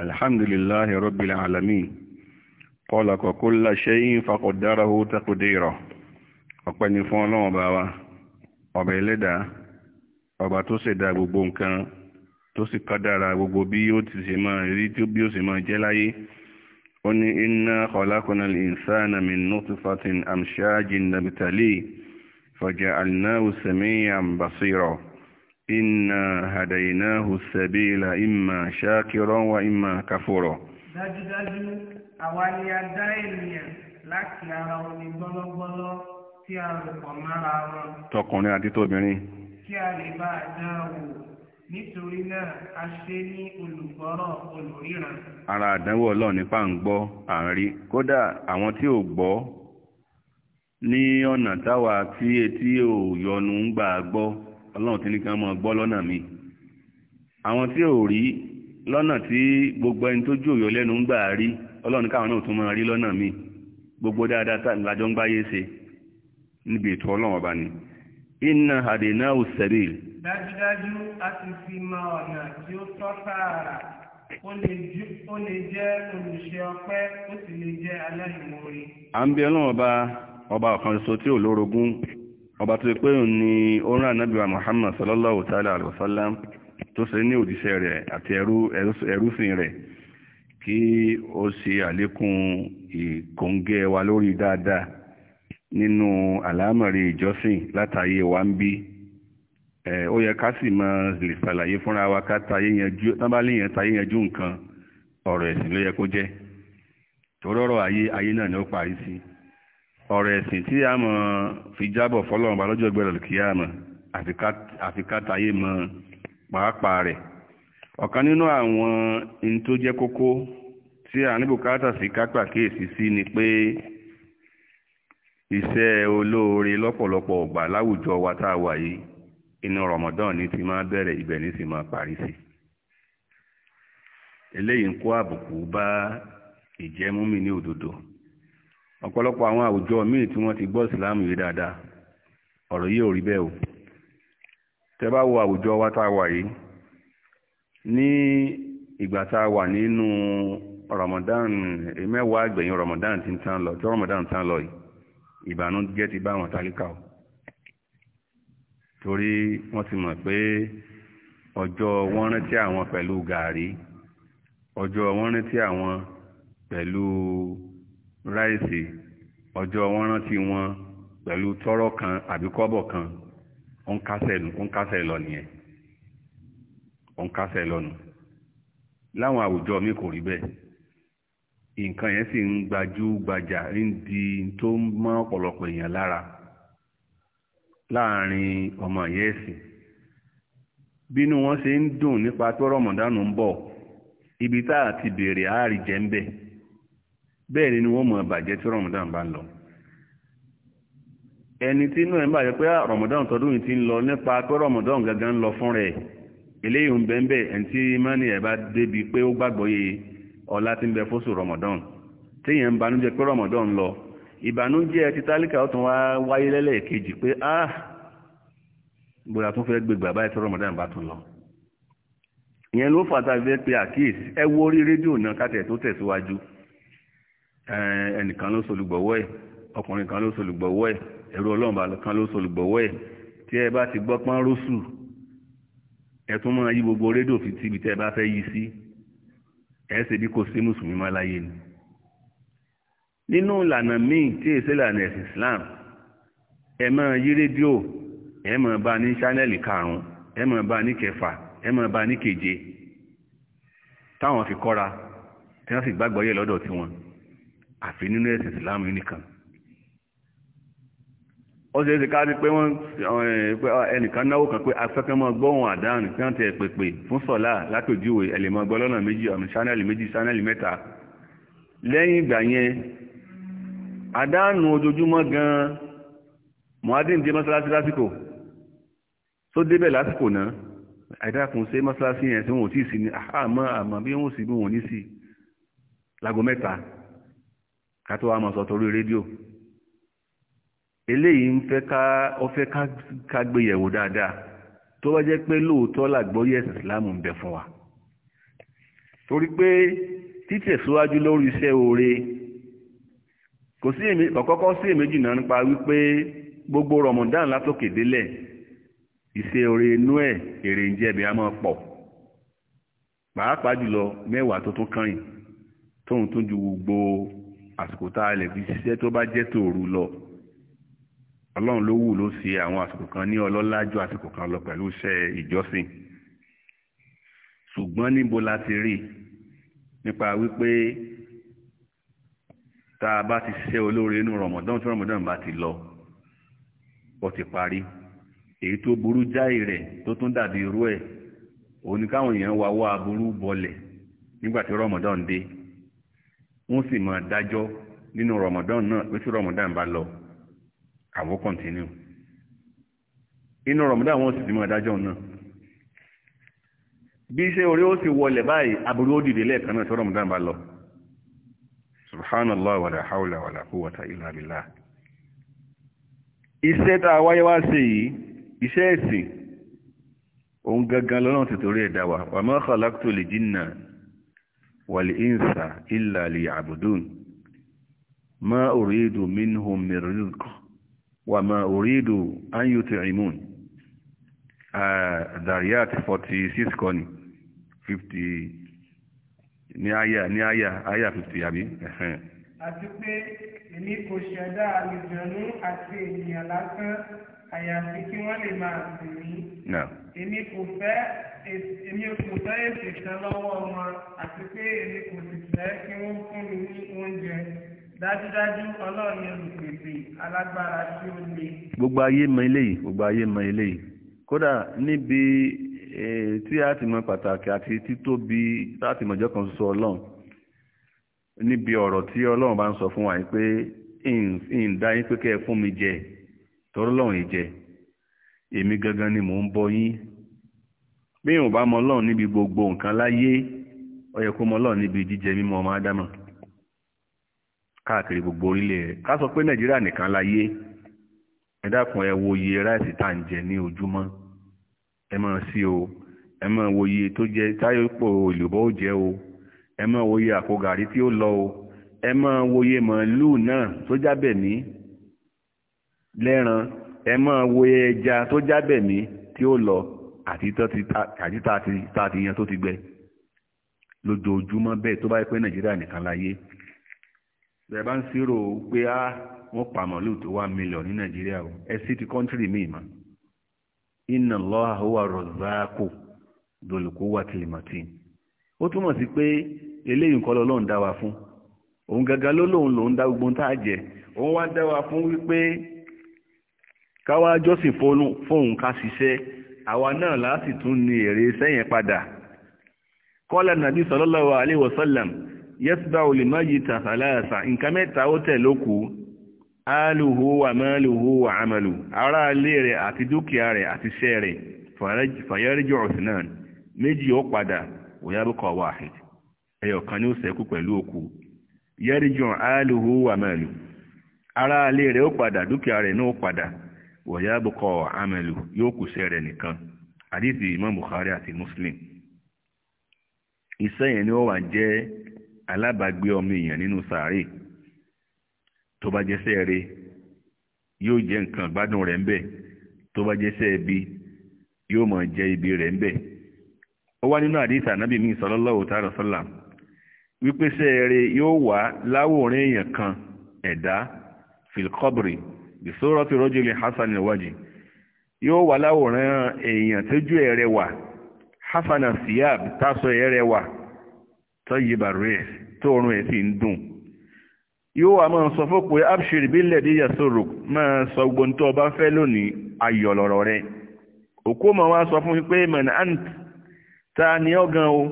الحمد لله رب العالمين خلق كل شيء فقدره تقديرا ọpẹ́ ni fún ọlọ́run ọba wa ọba ẹlẹ́dàá ọba tó ṣẹ̀dá gbogbo nǹkan tó sì kádàrá gbogbo bí ó ti ṣe máa rí tí bí ó ṣe máa jẹ́ láyé ó ní inna khalaqna al-insana min nutfatin amshajin nabtali faja'alnahu sami'an basira inna hadainahu sabila imma shakiran wa imma ni a láti ara tí a tọkùnrin àti tóbìnrin kí a lè bá a nítorí náà a ṣe ní olùgbọ́rọ̀ ara àdánwò nípa ń gbọ́ kódà àwọn tí ò gbọ́ ní ọ̀nà tí yọnu ń gbà ọlọ́run ti ní kí wọ́n máa gbọ́ lọ́nà mi àwọn tí ò rí lọ́nà tí gbogbo ẹni tó jòyò lẹ́nu ń gbà rí ọlọ́run káwọn náà tún máa rí lọ́nà mi gbogbo dáadáa lájọ ń báyé ṣe níbi ètò ọlọ́run ọba ni inna hadena usabil. dájúdájú a ti fi mọ ọ̀nà tí ó tọ́ sáàrà ó lè jẹ́ olùṣe ọpẹ́ ó sì lè jẹ́ aláìmoore. à ń bí ọlọ́run ọba ọba ọ̀kan ṣoṣo tí ò lórogún ọba tó pé òun ni ó rán muhammad sallallahu ta'ala alayhi wa sallam tó ṣe ní òjíṣẹ́ rẹ̀ àti ẹrúsìn rẹ̀ kí ó ṣe àlékún ìkóńgẹ́ wa lórí dáadáa nínú àlámọ̀rí ìjọsìn wa ń bí ó yẹ ká sì mọ lè ṣàlàyé fúnra wa ká tayé yẹn tayé nǹkan ọ̀rọ̀ ẹ̀sìn ló yẹ kó jẹ́ torọ́rọ̀ ayé ayé náà ni ó ọ̀rọ̀ ẹ̀sìn tí a mọ̀ fi jábọ̀ fọ́lọ́run bá lọ́jọ́ gbẹ̀rẹ̀ kí a mọ̀ àfi mọ̀ pàápàá rẹ̀ ọ̀kan nínú àwọn in tó jẹ́ kókó tí a ní bùkátà sí kápá kíyèsí sí ni pé iṣẹ́ olóore lọ́pọ̀lọpọ̀ ọ̀gbà láwùjọ wa tá a wà yìí inú Ramadan ti máa bẹ̀rẹ̀ ọ̀pọ̀lọpọ̀ àwọn àwùjọ míì tí wọ́n ti gbọ́ ìsìláàmù yìí dáadáa ọ̀rọ̀ yìí ò rí bẹ́ẹ̀ o tẹ́ bá wo àwùjọ wa tá a wà yìí ní ìgbà tá a wà nínú Ramadan mẹ́wàá àgbẹ̀yìn Ramadan ti ń tán lọ tí Ramadan tán lọ yìí ìbànújẹ́ ti bá wọn tálíkà o torí wọ́n ti mọ̀ pé ọjọ́ wọ́n rántí àwọn pẹ̀lú gàárì ọjọ́ wọ́n rántí àwọn pẹ̀lú ráìsì ọjọ́ wọn rántí wọn pẹ̀lú tọ́rọ́ kan àbí kọ́bọ̀ kan ó ń kásẹ̀ lọ nìyẹn ó ń kásẹ̀ lọ́nu láwọn àwùjọ mi kò rí bẹ́ẹ̀ nǹkan yẹn sì ń gbajú-gbajà ń di tó ń mọ́ ọ̀pọ̀lọpọ̀ èèyàn lára láàrin ọmọ yẹ́sìn bínú wọn ṣe ń dùn nípa tó rọmọdánù ń bọ̀ ibi tá a ti béèrè àárí jẹ́ ń bẹ́ẹ̀ bẹ́ẹ̀ ni wọ́n mọ̀ bàjẹ́ tí rọmọdán bá ń lọ ẹni tí inú ẹ̀ ń pé ah, rọmọdán tọdún ti ń lọ lọ fún rẹ̀ eléyìí ń bẹ́ẹ̀ ẹni tí mọ́ni ẹ̀ débi pé ó gbàgbọ́ yé ọlá tí ń bẹ fóṣù rọmọdán lọ ìbànújẹ́ ti tálíkà ó tún wá wáyé pé ah, tún fẹ́ rọmọdán bá tún lọ ìyẹn ló Eh, ẹnìkan ló solùgbọ̀wọ́ ẹ̀ ọkùnrin kan ló solùgbọ̀wọ́ ẹ̀ ẹ̀rọ ọlọ́ọ̀bà kan ló solùgbọ̀wọ́ ẹ̀ tí ẹ bá ti gbọ́ pọ́n rọ́sù ẹ tún máa yí gbogbo rédíò fi tíbi tẹ́ ẹ bá fẹ́ yí sí ẹ ṣe bí kò sí mùsùlùmí má láyé ni. nínú ìlànà míì tí èsì ìlànà ẹ̀sìn Islam ẹ máa yí rédíò ẹ máa bá ní ṣánẹ́ẹ̀lì karùn-ún ẹ máa bá ní kẹfà ẹ máa bá ní keje táwọn fi kọ́ra tí wọ́n sì gbàgbọ́ yẹ lọ́dọ̀ tiwọn àfi nínú ẹ̀sìn ìsìláàmù nìkan ó ṣe é ṣe ká ní pé wọ́n eh, ah, ẹnìkan náwó kan pé afẹ́kẹ́ mọ́ gbọ́hùn àdáhùn tí wọ́n ti ẹ̀ pèpè fún sọ̀lá látòjúwe ẹ̀lẹ́mọ́ gbọ́ lọ́nà méjì ọ̀nà ṣánẹ́lì méjì ṣánẹ́lì mẹ́ta lẹ́yìn ìgbà yẹn àdáhùn ojoojúmọ́ gan-an mọ́ádín dé mọ́sálásí lásìkò tó débẹ̀ lásìkò náà àìdákun ṣe mọ́sálásí yẹn tí wọ́n ò tí sí ní àmọ́ àmọ́ bí wọ́n sì ká tó wá máa sọ torí rédíò eléyìí ń fẹ́ ká ọ fẹ́ ká gbé yẹ̀wò dáadáa tó bá jẹ́ pé lóòótọ́ làgbọ́yé ẹ̀sìn ìsìláàmù ń bẹ fún wa torí pé títẹ̀síwájú lórí iṣẹ́ oore kò sí èmi ọ̀kọ́kọ́ sí èméjì náà nípa wípé gbogbo rọmọdán látòkè délẹ̀ iṣẹ́ oore inú ẹ̀ èrè ń jẹ́bi a máa pọ̀ pàápàá jùlọ mẹ́wàá tó tún kàn yìí tóun tún ju gbogbo àsìkò tá a lè fi ṣiṣẹ́ tó bá jẹ́ tòru lọ ọlọ́run ló wù ló ṣe àwọn àsìkò kan ní ọlọ́lá ju àsìkò kan lọ pẹ̀lú iṣẹ́ ìjọsìn ṣùgbọ́n níbo la ti rí nípa wípé tá a bá ti ṣiṣẹ́ olóore inú rọ̀mọ̀dán tí rọ̀mọ̀dán bá ti lọ ó ti parí èyí tó burú jáì rẹ̀ tó tún dàbí irú ẹ̀ òun ni káwọn èèyàn wá wá aburú bọlẹ̀ nígbà tí rọ̀mọ̀dán dé wọ́n sì máa dájọ́ nínú Ramadan náà pé tí Ramadan bá lọ àwọn kọ̀ntínú inú Ramadan wọ́n sì ti máa dájọ́ náà bí iṣẹ́ orí ó sì wọlẹ̀ báyìí aburú ó dìde lẹ́ẹ̀kan náà tí Ramadan bá lọ subhanallah wàlá haúlà wàlá kúwàtà illa billah iṣẹ́ tá a wáyé wá sí yìí iṣẹ́ ẹ̀sìn òun gangan lọ́nà tìtorí ẹ̀dá wa wa ma khalaqtu li jinna wàlì ìnsà ìlà lè àbùdùn ma orídù minhum mìrìlùk wà ma orídù anyuti imun dariyat 46 kọni 50 ní àyà ní àyà àyà 50 àbí ẹ̀hẹ́n àti pé èmi kò ṣẹ̀dá àlùjọ̀nú àti ènìyàn lásán àyàfi kí wọ́n lè máa sì mí. èmi kò fẹ́ èmi kò fẹ́ èsì kan lọ́wọ́ wọn àti pé èmi kò sì fẹ́ kí wọ́n fún mi ní oúnjẹ dájúdájú ọlọ́run yẹn lùpèsè alágbára tí ó le. gbogbo ayé mọ eléyìí gbogbo ayé mọ eléyìí kódà níbi tí a ti mọ pàtàkì àti títóbi láti mọ̀jọ́ kan sọ ọlọ́run níbi ọ̀rọ̀ tí ọlọ́run bá ń sọ fún wa yìí pé ìǹdá yín pé kẹ́ ẹ fún mi jẹ tọ́rọ lọ́wọ́n ije jẹ èmi gangan ni mò ń bọ yín bí ìwọ̀n bá mọ Ọlọ́run níbi gbogbo nǹkan láyé ó kó mọ jíjẹ ọmọ káàkiri gbogbo orílẹ̀ rẹ̀ ká sọ pé Nàìjíríà nìkan láyé ẹ dákun ẹ wo iye ráìsì tá à ń ẹ sí o ẹ máa wo iye tó jẹ táyọ̀ pò ìlúbọ̀ ó ẹ wo iye àpò gàrí tí ó ẹ wo iye màálù náà tó jábẹ̀ lẹ́ran ẹ máa wo ẹja tó mí tí ó lọ àti tá ti yan tó ti gbẹ lójoojúmọ́ bẹ́ẹ̀ tó bá yẹ nàìjíríà nìkan láyé bẹ́ẹ̀ bá ń sírò pé á wọ́n pa màálù tó wá mílíọ̀n ní nàìjíríà o ẹ sì ti kọ́ńtírì míì mà inna Allaha huwa rọ̀záàkù dòlùkú wà tìlìmọ̀tì ó túmọ̀ sí pé eléyìí nǹkan lọ́lọ́run dá wa fún òun gàgà ló lóun lòun dá gbogbo tá a jẹ òun wá dá wa fún wípé káwá jọ́sìn fóun ká ṣiṣẹ́ àwa náà láti tún ní èrè sẹ́yìn padà kọ́lá nàbí sallallahu alaihi wasallam yẹ́sùbá olèmọ́ yìí tàṣàláàṣà nǹkan mẹ́ta ó tẹ̀ lókù áàlùhù wà máàlùhù wà àmàlù ará ilé rẹ̀ àti dúkìá rẹ̀ àti iṣẹ́ rẹ̀ fàyẹ́rìjì ọ̀sìn náà méjì ó padà òyàbùkọ̀ wahid ẹyọ̀kan ní ó ṣẹ́kù pẹ̀lú òkú yẹ́rìjì áàlùhù wà máàlù ará ilé rẹ̀ ó padà dúkìá rẹ̀ náà ó padà wọ̀yá bùkọ́ amẹ́lù yóò kù sẹ́rẹ̀ nìkan àdìsí imam bukhari àti muslim iṣẹ́ yẹn ni ó wà jẹ́ alábàágbé ọmọ èèyàn nínú sàárè tó bá jẹ́ sẹ́ẹ̀rẹ́ yóò jẹ́ nǹkan gbádùn rẹ̀ ń bẹ̀ tó bá jẹ́ sẹ́ẹ̀bi yóò mọ̀ jẹ́ ibi rẹ̀ ń bẹ̀ ó wá nínú àdìsí ànábì mi sallallahu ta'ala sallam wípé sẹ́ẹ̀rẹ́ yóò wà láwòrán èèyàn kan ẹ̀dá filkọ́bìrì bisoro ti rojili hasan alwaji yóò wà láwòrán èèyàn tójú ẹ̀ rẹwà hasan asiyab tásọ ẹ̀ rẹwà tọ́yìbà rẹ̀ tóorun ẹ̀ sì ń dùn yóò wà máa sọ fún pé abshir bílẹ̀ díyà sọ̀rọ̀ máa sọ gbogbo tó bá fẹ́ lónìí ayọ̀lọ̀rọ̀ rẹ̀ òkú ma wá sọ fún pé mọ̀nà ta ni ọ́ gan o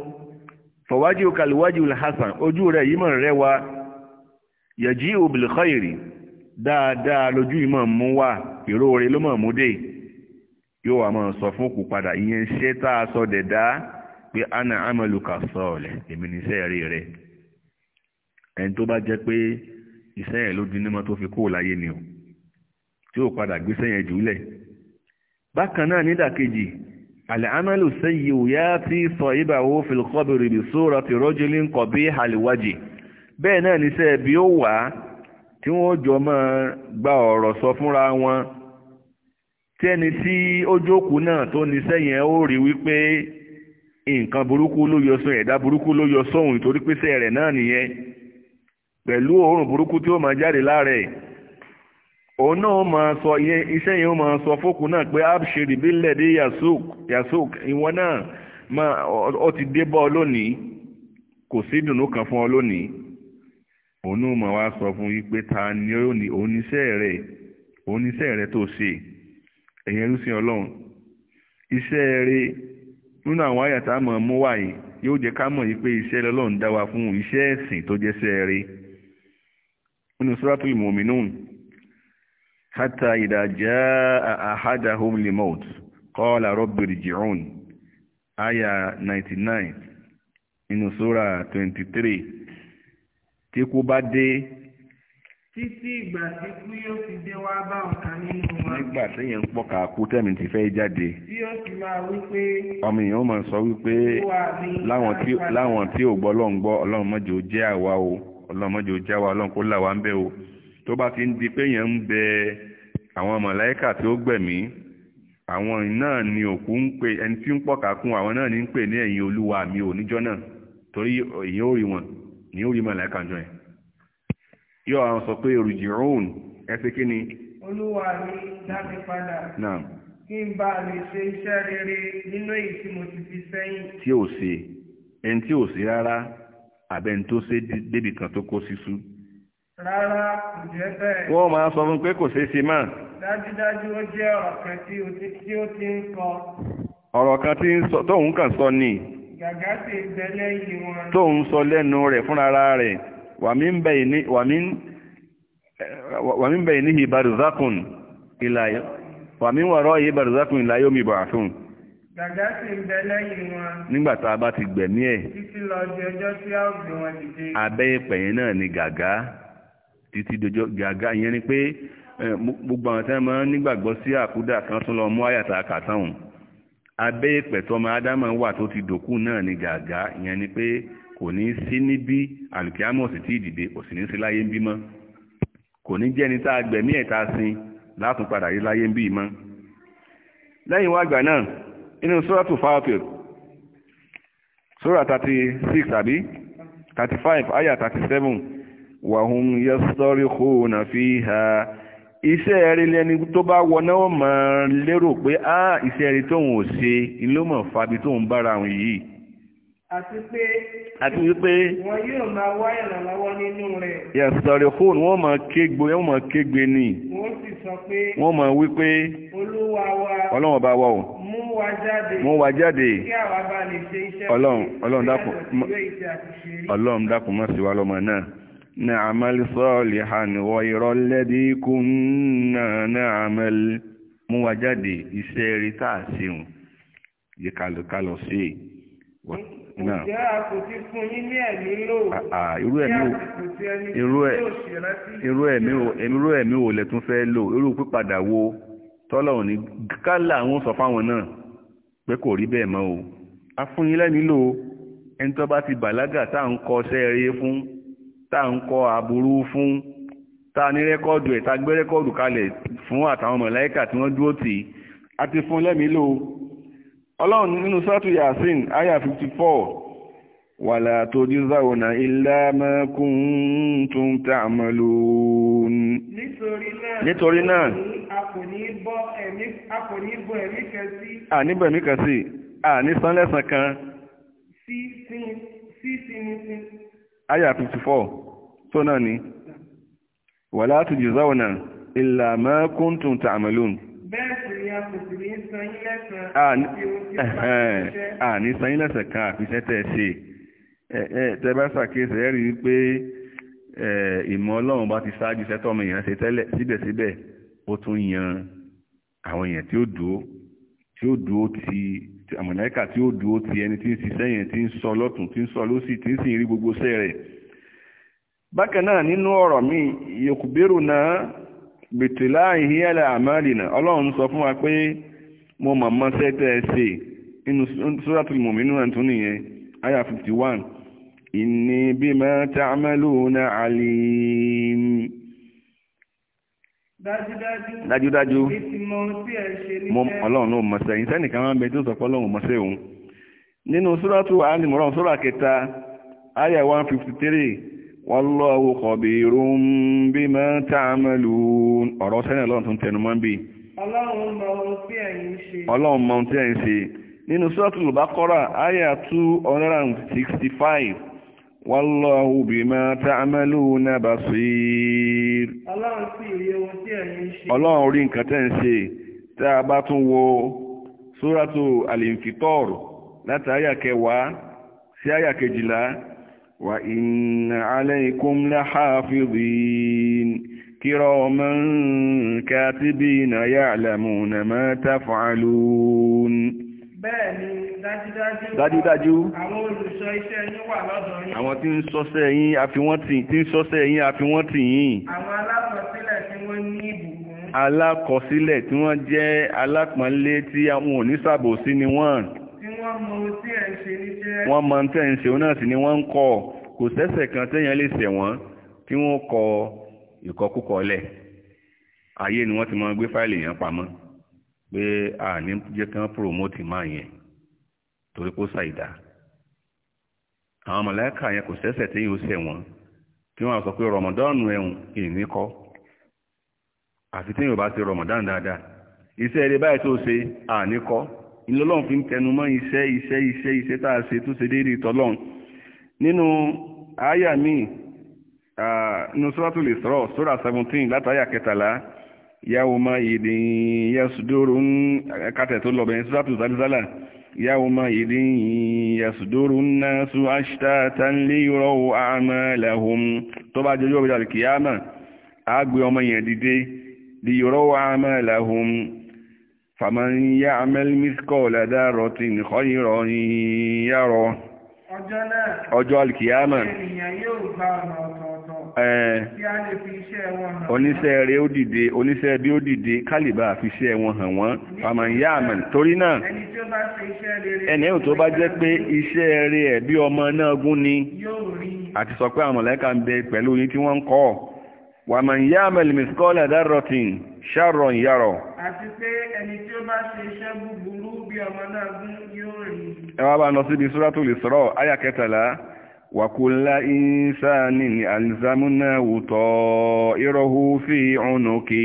fọ̀wájú kàlíwájú hasan ojú rẹ̀ yìí mọ̀ rẹwà yẹ̀jí òbìlì dáadáa lójú ìmọ̀ mú wà ìróore ló mọ̀ mú dé yóò wà máa sọ fún òkú padà ìyẹn ṣé tá a sọ dẹ̀dá pé ana amaluka sọ̀ọ̀lẹ̀ èmi ní iṣẹ́ rí rẹ ẹni tó bá jẹ́ pé iṣẹ́ yẹn ló di nímọ̀ tó fi kúrò láyé ni o tí ó padà gbéṣẹ́ yẹn jùlẹ̀ bákan náà nídàkejì àlẹ́ amalu sẹ́yìí òyà tí sọ ìbàwó fìlkọ́bìrì bìsóra ti rọ́júlín kọ̀bí àlìwájì bẹ́ẹ̀ náà níṣẹ́ bí ó wà tí wọ́n jọ máa gba ọ̀rọ̀ sọ fúnra wọn tí ẹni tí ó jókòó náà tó ní sẹ́yìn ó rí wípé nǹkan burúkú ló yọ sóhun ẹ̀dá burúkú ló yọ sóhun nítorí pé sẹ́ rẹ̀ náà nìyẹn pẹ̀lú òórùn burúkú tí ó máa jáde lára òun náà máa sọ ìyẹn iṣẹ́ yẹn ó máa sọ fókù náà pé abshiri bílẹ̀ dé yasuk yasuk ìwọ náà ó ti dé bọ́ ọ lónìí kò sí ìdùnnú kan fún ọ lónìí òun náà sọ fún yí pé ta ni ó ní oníṣẹ́ rẹ̀ oníṣẹ́ rẹ̀ tó ṣe ẹ̀yẹn rúṣin ọlọ́run iṣẹ́ rẹ̀ nínú àwọn àyàtà mọ̀ mú wáyé yóò jẹ́ ká mọ̀ yí pé iṣẹ́ lọ́lọ́run dá wa fún iṣẹ́ ẹ̀sìn tó jẹ́ iṣẹ́ rẹ̀ nínú suratul mu'minun hatta idha aya 99 nínú 23 tí kú bá dé. títí ìgbà tí kú yóò fi dé wá bá ọ̀kan nínú wa. nígbà téèyàn ń pọ̀ka kú tẹ̀mí ti fẹ́ jáde. tí yóò sì máa wí pé. ọmọ èèyàn máa sọ wípé láwọn tí ò gbọ́ ọlọ́run gbọ́ ọlọ́run mọ́jọ jẹ́ àwa o ọlọ́run mọ́jọ jẹ́ àwa ọlọ́run kó là ń bẹ̀ o tó bá ti ń di pé èèyàn ń bẹ àwọn màláíkà tí ó gbẹ̀mí àwọn náà ni òkú ń pè ẹni tí ń pọ̀ka kún àwọn náà ní ń pè ní ẹ̀yìn olúwa mi ò níjọ́ náà torí èyí ó rí wọn ní ó rí màláìka jọ ẹ̀ yóò àwọn sọ pé rùjìrún ẹsẹ̀ kí ni. olúwa mi dá mi padà. naam. kí n bá lè ṣe iṣẹ́ rere nínú èyí tí mo ti fi sẹ́yìn. tí ò ṣe ẹni tí ò ṣe rárá àbẹni tó ṣe débi kan tó kó sísú. rárá kò jẹ́ bẹ́ẹ̀. wọ́n máa sọ fún pé kò ṣeé ṣe mọ́. dájúdájú ó jẹ́ ọ̀rọ̀ kan tí ó ti ń kọ. ọ̀rọ̀ kan tí tóun kàn sọ ni tó ń sọ lẹ́nu rẹ̀ fúnra rẹ̀ wàmí bẹ̀yìn ní ìbàrùzákùn ìlàyé wàmí wọ̀rọ̀ yìí ìbàrùzákùn ìlàyé omi ìbàrùn Gàgá sì ń bẹ wọn. Nígbà bá ti gbẹ̀mí ẹ̀. Títí lọ ni gàgá títí dojọ́ gàgá ni pé eh, gbogbo àwọn tí wọ́n máa ń nígbàgbọ́ sí abẹ́ ìpẹ̀tọ́ ọmọ ádámà wà tó ti dòkú náà ni gàgá ìyẹn ni pé kò ní sí níbí alùkíámọ̀ sì ti dìde kò sì ní sí láyé ń bí mọ́ kò ní jẹ́ ẹni tá gbẹ̀mí ẹ̀ sin látún padà rí láyé ń bí mọ́ lẹ́yìn wá àgbà náà inú sóràtù fáwọ́pẹ̀ sórà 36 àbí 35 àyà 37 wàhùn yẹ́sọ́rí kóònà fi ha iṣẹ́ eré lẹni tó bá wọná ó máa lérò pé á iṣẹ́ eré tóun ò ṣe ló mọ̀ fàbí tóun bára òun yìí. àti pé àti wípé wọn yóò máa wá ìrànlọ́wọ́ nínú rẹ̀. yẹ̀sọ̀rẹ̀ fóònù wọ́n máa kégbe wọ́n máa kégbe ni. wọ́n sì sọ pé wọ́n máa wí pé olúwa wa ọlọ́run bá wà o. mú wa jáde mú wa jáde kí àwa bá lè ṣe iṣẹ́ ọlọ́run ọlọ́run dákun ọlọ́run dákun mọ́ sí wa lọ́mọ náà. نعمل صالحا غير الذي كنا نعمل mú wa jáde iṣẹ́ eré tá a ṣeun yìí ká lọ sí i. ǹjẹ́ a kò ti fún yín ní ẹ̀mí lò irú ẹ̀mí irú ẹ̀mí wo lẹ tún fẹ́ lò irú pípadà wo tọ́lọ́run ní kálá àwọn sọ fáwọn náà pé kò rí bẹ́ẹ̀ mọ́ o a fún yín lẹ́mí lò ẹni tó bá ti bàlágà tá à ń kọ́ ṣẹ́ fún tá à ń kọ aburú fún tá ní rẹ́kọ́ọ̀dù ẹ̀ gbé rẹ́kọ́ọ̀dù kalẹ̀ fún àtàwọn mọ̀láìkà tí wọ́n dúró tì í àti fún lẹ́mìí lò ọlọ́run nínú sọ́tù yasin aya 54 wàlà tó dízáwò náà ilá mẹ́kún tún tààmàlò nítorí náà a kò ní bọ́ ẹ̀mí kan sí a ní bọ́ ẹ̀mí kan sí a ní sánlẹ̀sàn kan sí sí sí sí aya 54 tó náà ni wala tujzawna illa ma kuntum ta'malun bẹ́ẹ̀ sì ni a kò sì ní sanyí lẹ́sàn-án àní sanyí lẹ́sàn kan àfiṣẹ́ tẹ́ ṣe tẹ́ bá ṣàkíyèsí rí wípé ìmọ̀ ṣe tẹ́lẹ̀ síbẹ̀síbẹ̀ tí ó dúó ti àmọ̀láìkà tí ó dúó ti ẹni tí ń ṣiṣẹ́ yẹn tí ń sọ lọ́tún tí ń sọ lọ́sì tí ń sì rí gbogbo iṣẹ́ rẹ̀ bákan náà nínú ọ̀rọ̀ mi yòkùbérò náà àmàlì náà ọlọ́run sọ fún wa pé mo mọ̀ mọ́ sẹ́tẹ̀ ẹ̀ ṣe inú suratul mu'minun tún nìyẹn aya fifty one dájúdájú ọlọ́run ló mọ̀ṣẹ́ yìí sẹ́nìkan máa ń bẹ tó sọ pé ọlọ́run mọ̀ṣẹ́ òun nínú súrátù alìmọ̀ràn súrà kẹta àyà 153 wallahu khabirun bima ta'malun ọ̀rọ̀ sẹ́nì ọlọ́run tó ń tẹnu mọ́ bí ọlọ́run mọ̀ ohun tí ẹ̀yin ṣe nínú súrátù Baqara àyà 265 Wallahu bima ta'maluna basir. Ọlọ́run sì rí ohun tí ẹ̀yin ṣe. Ọlọ́run rí nǹkan tẹ́ ń ṣe tá a bá tún wo Suratu Al-Infitor láti àyà kẹwàá sí àyà kejìlá wa inna alaykum lahafidhin kiraman katibina ya'lamuna ma taf'alun. Bẹ́ẹ̀ni dájúdájú àwọn olùṣọ́ iṣẹ́ yín wà lọ́dọ̀ yín àwọn tí ń ṣọ́ṣẹ́ yín àfi wọ́n tì tí ń ṣọ́ṣẹ́ yín àfi wọ́n tì yín àwọn alákọsílẹ̀ tí wọ́n ní ìbùkún alákọsílẹ̀ tí wọ́n jẹ́ alápọ̀nlé tí àwọn oníṣàbòsí ni wọ́n tí wọ́n mọ ohun tí ẹ̀ ń ṣe níṣẹ́ wọ́n mọ ohun tí ẹ̀ ń ṣe náà sì ni wọ́n ń kọ̀ kò sẹ́sẹ̀ kan téèyàn lè ṣẹ̀ wọ́n tí wọ́n kọ ìkọkúkọ lẹ̀ ayé ni wọ́n ti máa gbé fáìlì yẹn pamọ́ pé àní jẹ́ kán promote máa yẹn torí kó ṣàìdá àwọn mọ̀lẹ́kà yẹn kò sẹ́sẹ̀ tí yóò ṣẹ̀ wọ́n kí wọ́n sọ pé rọmọdọ́ọ̀nù ẹ̀hún ìní kọ́ àfi tí yóò bá ṣe rọmọdọ́ọ̀nù dáadáa iṣẹ́ eré báyìí tó ṣe àní kọ́ ìlọ́lọ́run fi ń tẹnu mọ́ iṣẹ́ iṣẹ́ iṣẹ́ iṣẹ́ tá a ṣe tó ṣe déédéé tọ́lọ́run nínú àyà míì nínú suratul Isra sura seventeen látàyà kẹtàlá yawma idin yasudurun kátẹ̀ tó lọ bẹ̀rẹ̀ suratul Zalzala يومئذ يصدر الناس أشتاتا ليروا أعمالهم طبعا جوجو بدأ القيامة أقوى يوم يديدي ليروا أعمالهم فمن يعمل مثقال ذرة خيرا يره ọjọ́ alkiyama oníṣẹ́ rẹ̀ ó dìde oníṣẹ́ bí ó dìde kálìbà fi ṣe wọn hàn wọ́n àmà ìyá àmà torí náà ẹni ẹ̀hùn tó bá jẹ́ pé iṣẹ́ rẹ̀ ẹ̀ bí ọmọ náà gún ni àti sọ pé àmọ̀lẹ́ka ń bẹ pẹ̀lú yín tí wọ́n ń kọ́ wàmà ìyá àmà ìmìsíkọ́lẹ̀ dárọ̀tìn ṣàrọ̀ ìyàrọ̀ àti pé ẹni tí ó bá ṣe iṣẹ́ búburú bí ọmọ náà gún yóò rí ẹwà bá lọ síbi Suratul Isra àyà kẹtàlá wa kulla insanin alzamnahu ta'irahu fi unuki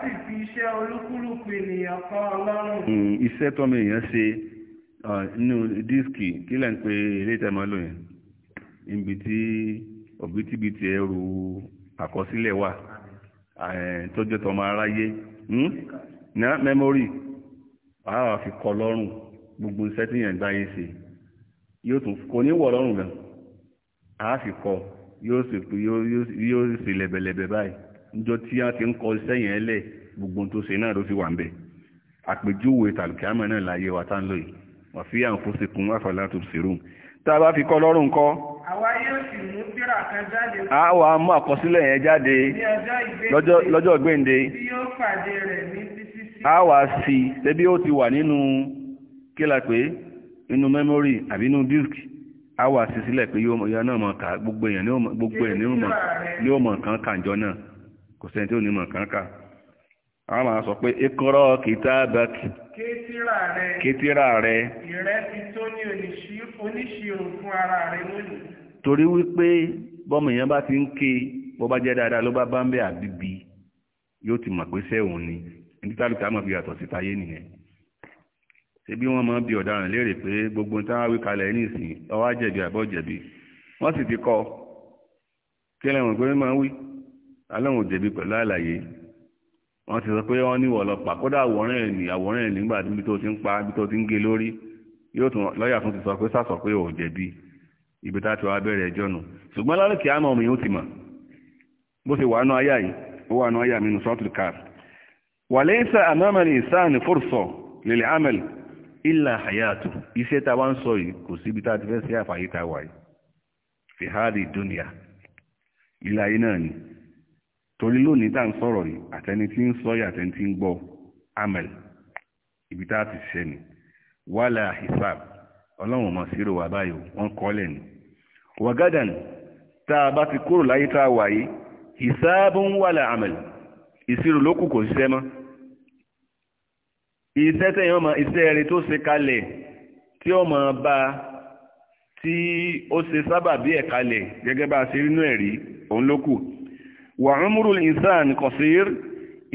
sì fi iṣẹ́ olúkúlùkù ènìyàn kọ́ ọlọ́run. Hmm, iṣẹ́ tọ́mọ èèyàn ṣe ń pe ilé lóyìn níbi tí òbítíbitì ẹrù àkọsílẹ̀ wà tọ́jọ́ tọmọ aráyé hmm? ná mẹ́mórì fi lọ́rùn gbogbo iṣẹ́ tí yẹn gbáyé ṣe yóò tún kò ní wọ̀ lọ́rùn gan a sì kọ yóò sì yóò sì lẹ̀bẹ̀lẹ̀bẹ̀ báyìí níjọ́ tí wọ́n ti ń kọ iṣẹ́ yẹn lẹ̀ gbogbo tó ṣe náà ló sì wà ń bẹ̀ àpèjúwe tàlùkìámọ̀ náà láyé wa tá ń lò yìí wà fi àǹfóṣekùn àfàlà tó ṣèrú tá a bá fi kọ́ lọ́rùn kọ́ àwa yóò sì mú tírà kan jáde. a wà mú àkọsílẹ̀ yẹn jáde lọ́jọ́ ìgbéǹde tí yóò pàdé rẹ̀ ní títí a wà sí ṣebí ó ti wà nínú kí la pé inú mẹ́mórì àbí inú díìskì á wà sí sílẹ̀ pé yóò náà mọ̀ ká gbogbo èèyàn ní ó mọ̀ kan kàǹjọ náà kò sẹ́ni tí ó ní mọ̀ kan ká àwọn máa sọ pé ikọ́rọ́ kìtàbàkì kìtìrà rẹ̀ ìrẹ́ ti tó ní ara lónìí torí wípé bọ́mọ̀ bá ti ń ké bó bá jẹ́ dáadáa yóò ti mọ̀ pé sẹ́wọ̀n ni ní fi yàtọ̀ ebi wọ́n ma bi ọdaràn léèrè pé gbogbo tá a wí kalẹ̀ nísìnyí ọwọ́ àjẹ̀bí àbọ̀jẹ̀bí wọ́n sì ti kọ kí lẹ́wọ̀n pé máa wí aláwọn òjẹ̀bí pẹ̀lú àlàyé ti sọ pé wọ́n ní ìwọ̀lọ́pàá kódà àwòrán ẹ̀ àwòrán nígbà tí ti ń pa ti ń gé lórí yóò tún tún ti sọ pé sàsọ pé ò ibi tá a ti wá bẹ̀rẹ̀ ẹjọ́ nù ṣùgbọ́n lálùkì àmọ́ mi ó ti mọ̀ bó ṣe wà yìí ó wà ìlà àyàtò iṣẹ́ tá a wá ń sọ yìí kò síbi tá a ti fẹ́ sí àfàyè tá a wà yìí fi hádì dúnìyà ilé ayé náà ni torí lónìí tá à ń sọ̀rọ̀ yìí àtẹni tí ń sọ yìí àtẹni tí ń gbọ́ amẹ̀l ibi tá a ti ṣiṣẹ́ ni wàhálà hisab ọlọ́run mọ̀ sírò wà báyìí wọ́n kọ́lẹ̀ ni wàgádàn tá a bá ti kúrò láyé tá a wà yìí hisab ń wàhálà amẹ̀l ìṣirò ló kò ṣiṣẹ́ mọ́ iṣẹ́ tẹ̀yìn ọmọ iṣẹ́ rẹ̀ tó ṣe kalẹ̀ tí ọmọ bá tí ó ṣe sábà bí ẹ̀ kalẹ̀ gẹ́gẹ́ bá a ṣe rínú ẹ̀rí òun ló kù wà umru al-insan qasir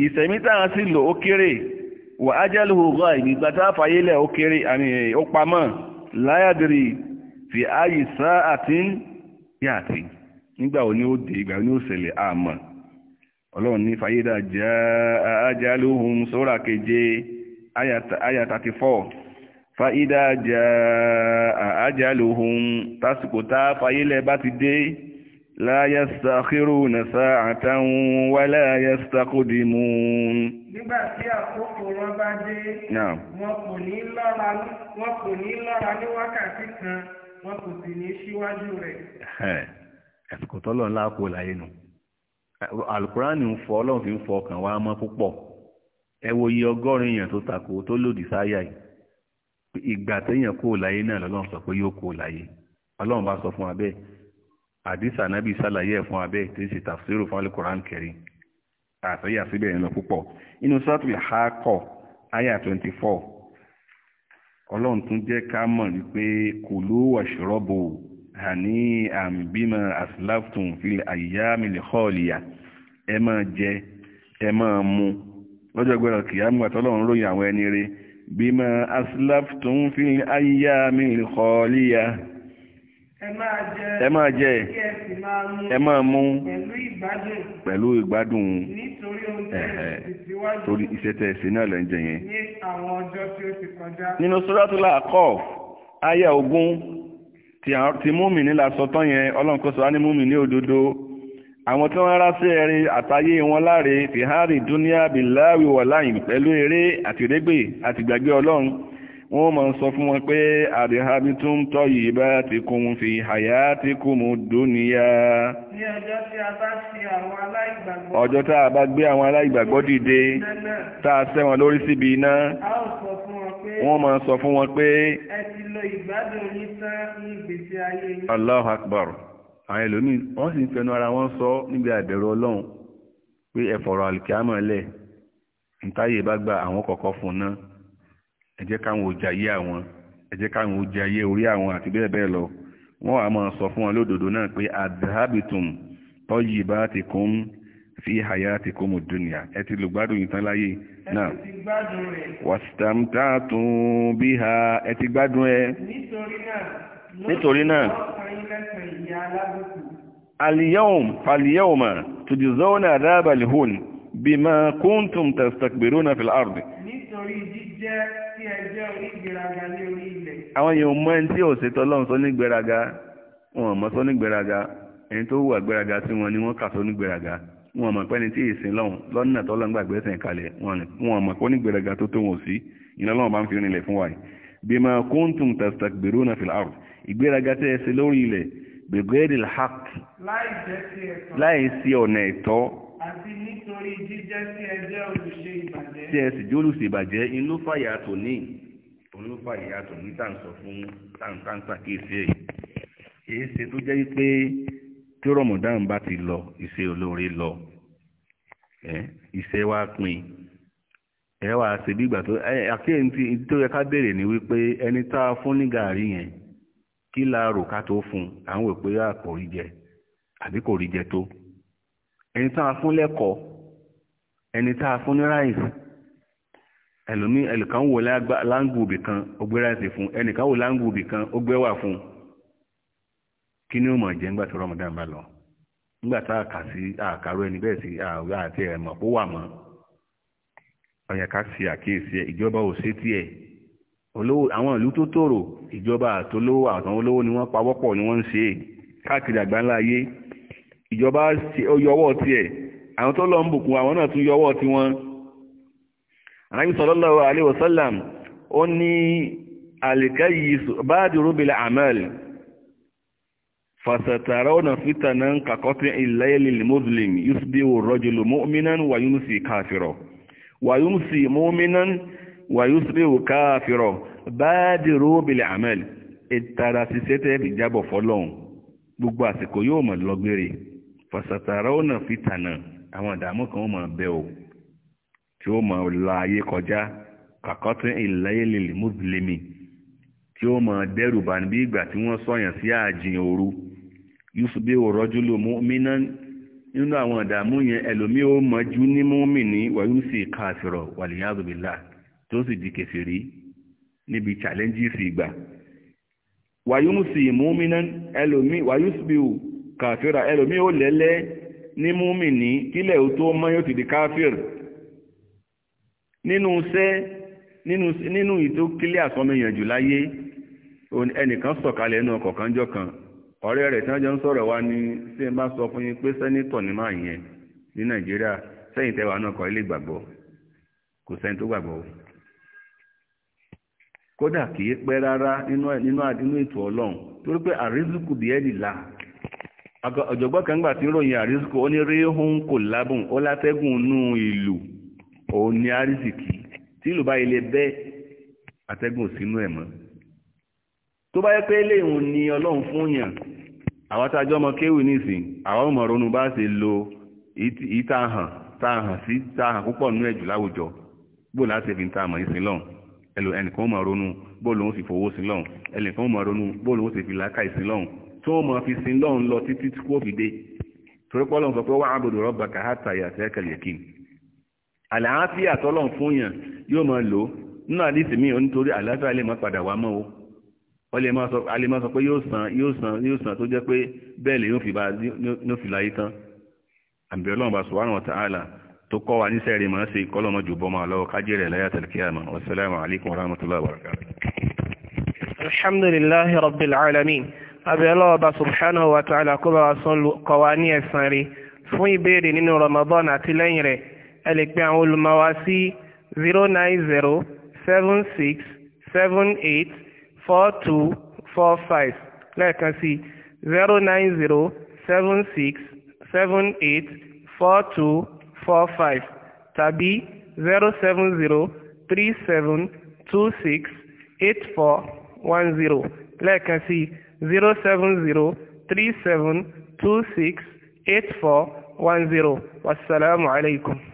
ìṣẹ̀mí táwọn sì lò ó kéré wà ajaluhu ghaib ìgbà tá a fàyè lẹ̀ ó kéré àmì ó pamọ́ la yadri fi ayyi sa'atin ya'ti nígbà wo ni ó dé ìgbà ni ó ṣẹlẹ̀ àmọ́ ọlọ́run ní fàyè dà jẹ́ ajaluhum sura keje aya 34 fa'ida jẹ́ àjálùhun tásìkò tá fayílẹ̀ bá ti dé láyé sàkírù na sa'atan wà láyé sàkódìmú nígbà tí àkókò wọn bá dé wọn kò ní lọ́ra ní wákàtí kan wọn kò sì ní síwájú rẹ̀ ẹ̀sìkò tọ́lọ̀ ńlá kó láyé nù alukùránì ń fọ ọlọ́run fi ń fọ ọkàn wa mọ́ púpọ̀ ẹ wo iye ọgọ́rin èèyàn tó tako tó lòdì sáyà yìí ìgbà téèyàn kó láyé náà lọ́lọ́run sọ pé yóò kó láyé ọlọ́run bá sọ fún abẹ́ àdísà nábì sàlàyé ẹ̀ fún abẹ́ tí ń ṣe tàfsírò fún alukóran kẹrin àtọ́yà síbẹ̀ yẹn lọ púpọ̀ inú sọ́tùlì ha àyà twenty four ọlọ́run tún jẹ́ ká mọ̀ wípé kulu washrabu hàní àmbímọ aslaftun fil ayyamil khaliya ẹ máa jẹ ẹ máa mu lọ́jọ́ gbẹ́rọ̀ kìyàmù àtọ́lọ́run ròyìn àwọn ẹni rẹ̀ bí ma aslaf tó ń fi ayá mi kọ́ọ̀líyà ẹ máa jẹ ẹ máa mú pẹ̀lú ìgbádùn torí iṣẹ́ tẹ̀ ṣe náà lẹ́ ń jẹ yẹn nínú suratul Aqaf aya ogún ti múmi nílà sọtán yẹn ọlọ́nkọ́sọ á ní múmi ní òdodo àwọn tí wọ́n rá sí ẹ̀rin àtayé wọn láre fìhárì dúníà bìláwì wà láyìn pẹ̀lú eré àtìrégbè àti gbàgbé ọlọ́run wọ́n máa sọ fún wọn pé àdìhábí tó ń tọ́ yìí bá ti kún fi àyà tí kò mú dúníà ọjọ́ tá a bá gbé àwọn aláìgbàgbọ́ dìde wọ́n máa sọ fún wọn pé ẹ ìgbádùn yín tán ní ìgbésí ayé yín. Allahu Akbar. àwọn ẹlòmíì wọ́n sì ń fẹnu ara wọn sọ níbi àbẹ̀rù ọlọ́run pé ẹ̀fọ̀rọ̀ àlùkìámọ̀ lẹ̀ ntáyé bá gba àwọn kọ̀ọ̀kan fún náà ẹ jẹ́ káwọn ojà yé àwọn ẹ jẹ́ káwọn ojà yé orí àwọn àti bẹ́ẹ̀ bẹ́ẹ̀ lọ wọ́n máa sọ fún wọn lódodo náà pé fi hayatikum ad-dunya ẹ ti lò gbádùn yìí tán láyé náà nítorí náà aliyahun faliyahuma to di zauna raba lihun bí ma kúntùm tastakbiru na filardi nítorí jíjẹ́ tí ẹjẹ́ orí gbéraga ní orí ilẹ̀ àwọn yóò mọ́ ẹni tí ò sí tọ́lọ́n sọ ní gbéraga wọn mọ́ sọ ní gbéraga ẹni tó wà gbéraga sí wọn ni wọ́n kà sọ ní gbéraga wọn mọ̀ pẹ́ni tí ìsìn lọ́hùn lọ́nà tọ́lọ́n gbàgbẹ́sẹ̀ kalẹ̀ wọn mọ̀ pọ́ ní tó tó wọn sí ìlọ́lọ́wọ́n bá ń fi rinlẹ̀ fún wa bí ma kúntùm tastakbiru na filardi ìgbéraga tẹ́ ẹ ṣe lórí ilẹ̀ gbẹ̀gbẹ́rì haq láì sí ọ̀nà ẹ̀tọ́ àti nítorí jíjẹ́ sí ẹjẹ́ olùṣe ìbàjẹ́ tí ẹ sì jẹ́ olùṣe ìbàjẹ́ inú fàyà tó ní òun fàyà tó ní tá fún táǹtàǹtà kéèsì ẹ̀ èyí ṣe tó jẹ́ wípé tí rọ̀mọ̀dán bá ti lọ iṣẹ́ olóore lọ iṣẹ́ wa pin ẹ wàá ṣe bí ìgbà tó àkíyèsí tó yẹ ká béèrè ni wípé ẹni tá a fún ní gàárì yẹn kí la rò ká tó fún un à ń kò rí jẹ àbí kò rí jẹ tó ẹni tá a fún lẹ́kọ̀ọ́ ẹni tá a fún ní ráìsì ẹlòmí ẹnìkan wò láńgùbì kan ó gbé ráìsì fún ẹnìkan wò láńgùbì kan ó gbé wà fún kí ni ó mọ̀ jẹ́ nígbà tí Ramadan bá lọ nígbà tá a kà sí àkàrò ẹni bẹ́ẹ̀ sí àwẹ̀ àti ẹ̀mọ̀ kó wà mọ́ ọ̀yẹ̀ká sí àkíyèsí ìjọba ò sétí ẹ̀ olówó àwọn ìlú tó tòrò ìjọba àtolówó àtàwọn olówó ni wọ́n pawọ́pọ̀ ni wọ́n ń ṣe káàkiri àgbáńlá ayé ìjọba yọwọ́ tiẹ̀ àwọn tó lọ ń bùkún àwọn náà tún yọwọ́ ti wọn Ànábì sallallahu alaihi wasallam ó ní al-kayyisu badiru bil a'mal fasatarawna fitanan ka qat'il layli lil muslim yusbihu ar-rajulu mu'minan wa yumsi kafira wa yumsi wàyúsílẹ̀wò káàfìrọ̀ báàdìrò bìlẹ̀ àmẹ́l ìtara ṣiṣẹ́ tẹ́ fi jábọ̀ fọ́lọ́hun gbogbo àsìkò yóò mọ̀ lọ́gbére fàṣàtàrà ó nà fi tànà àwọn ìdààmú kan ó mọ̀ bẹ́ o tí ó mọ̀ la ayé kọjá kàkọ́tún ìlẹ́yẹ lèlè mùsùlùmí tí ó mọ̀ dẹ́rù bá ìgbà tí wọ́n sọ̀yàn sí ààjìn òru yusufu rọ́jú ló mú míná nínú àwọn ìdààmú yẹn ẹlòmíì ó mọ̀jú ní múmi ní wàyúsì káàfìrọ̀ wàlíyàzùbìlá tó sì di kèfèrí níbi challenges ìgbà wàyúmùsì múmínà ti di kile o ẹnìkan sọ̀kalẹ̀ inú ọkọ̀ kan ọ̀rẹ́ rẹ̀ tí wọ́n jọ ń sọ̀rọ̀ wá ní sí bá sọ fún yín pé ní máa yẹn ní nàìjíríà sẹ́yìn tẹ́wàá náà ilé kò tó gbàgbọ́ kódà kì í pẹ́ rárá nínú ètò ọlọ́run torí pé àrísìkù bí ẹni là ọ̀jọ̀gbọ́n kan gbà tí ròyìn àrísìkù ó ní ríhún kò lábùn ó látẹ́gùn ìlú òun ní àrísìkì tí ìlú bá ilé bẹ́ẹ̀ atẹ́gùn sínú ẹ̀ mọ́ tó bá yẹ pé ni ọlọ́run fún yàn àwọn ọmọ kéwì nísìn àwọn ọmọ ronú bá ṣe lo ìtahàn tahàn sí tahàn púpọ̀ ẹlò ẹnìkan máa ronú bóòlù òun sì fowó sí lọ́hùn ẹnìkan máa ronú bóòlù òun sì fi làákàyè sí lọ́hùn tó máa fi sin lọ́hùn lọ títí tí kò fi dé torí pé ọlọ́run sọ pé wà á bòdò rọ́bà ká hàtà yàtẹ́ kẹlẹ̀kìn àlàáfíà tọ́lọ́run fún yàn yóò máa lò nínú àdìsí mi nítorí àlàáfíà lè má padà wá mọ́ o alẹ́ máa sọ pé yóò san yóò san yóò san tó jẹ́ pé bẹ́ẹ̀ lè yóò fi láyé tán àbí ọlọ́run bá sọ wà tó kọ́ wa níṣẹ́ rí màá ṣe kọ́lọ́mọ́jù bọ́ máa lọ́wọ́ kájẹ́ rẹ̀ láyà tàlkíyàmà wasalaamu alaykum wa rahmatullahi wa barakatuh. alhamdulillahi rabbil alamin abẹ́lọ́ ọba subhanahu wa ta'ala kó bá wa sán kọ́ wa ní ẹ̀san rí fún ìbéèrè lẹ́ẹ̀kan sí zero nine zero seven six four five tàbí zero seven zero three seven two six eight four one zero lẹ́ẹ̀kan sí zero seven zero three seven two six eight four one zero wasalaamu alaykum.